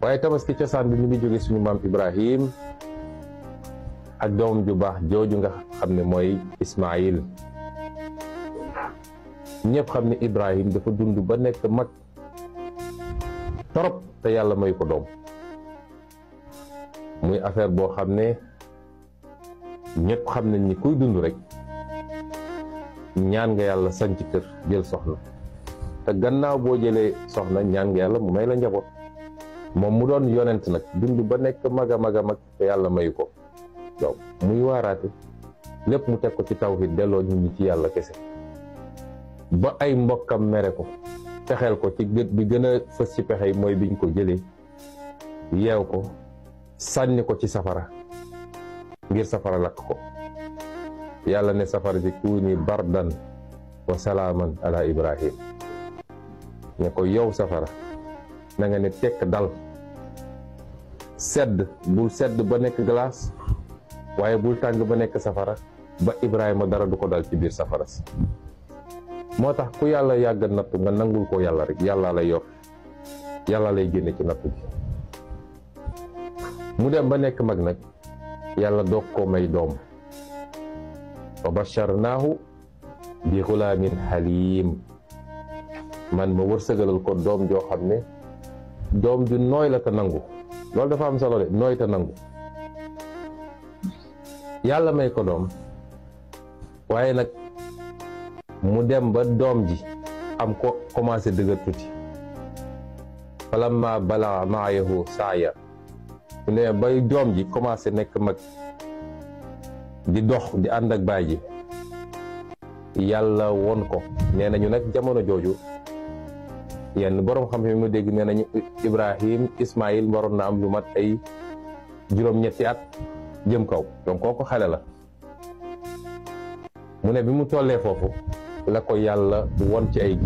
waaye tabaski cosaan bi ini juga jóge Imam Ibrahim ak jubah Jo juga jooju nga Ismail. Nyep mooy Ibrahim dafa dund ba nekk mag torop te yàlla may ko doom muy affaire boo xam ne ñëpp xam nañ ni kuy dund rek ñaan nga moom mu doon yonent nag dund ba nekk mag a mag a mag yàlla mayu ko donc muy waaraate lépp mu teg ko ci tawhid delloo nit ñi ci yàlla kese ba ay mbokkam mere ko fexeel ko ci gët bi gën a fës ci pexe yi mooy biñ ko jëlee yeew ko sànni ko ci safara ngir safara lakk ko yàlla ne safara ji kuuni bardan wa salaaman ibrahim ne ko yow safara na nga ne tek dal sedd bul sedd ba nek glace waye bu tang ba nek safara ba Ibrahima dara du ko dal ci bir safara motax yalla ku yàlla yàgg nga nangul ko yalla rek yalla lay yor yalla lay genn ci nattu bi mu dem ba nek mag nak yalla dok ko may dom wa bi ghulamin halim man ma wërsëgalal ko jo jo xamne doom ju nooy la te nangu loolu dafa am solo de nooy te nangu yàlla may ko doom waaye nag mu dem ba doom ji am ko commencé dëgër tuuti falamma balaa maayahu saaya mu ne bay doom ji commencé nekk mag di dox di ànd ak baay ji yàlla won ko nee nañu nag jamono jooju yenn borom xam yi mu dégg nee nañu Ibrahim Ismaïl waroon na am lu mat ay juróom-ñetti at jëm kaw donc kooku xale la mu ne bi mu tollee foofu la ko yàlla won ci ay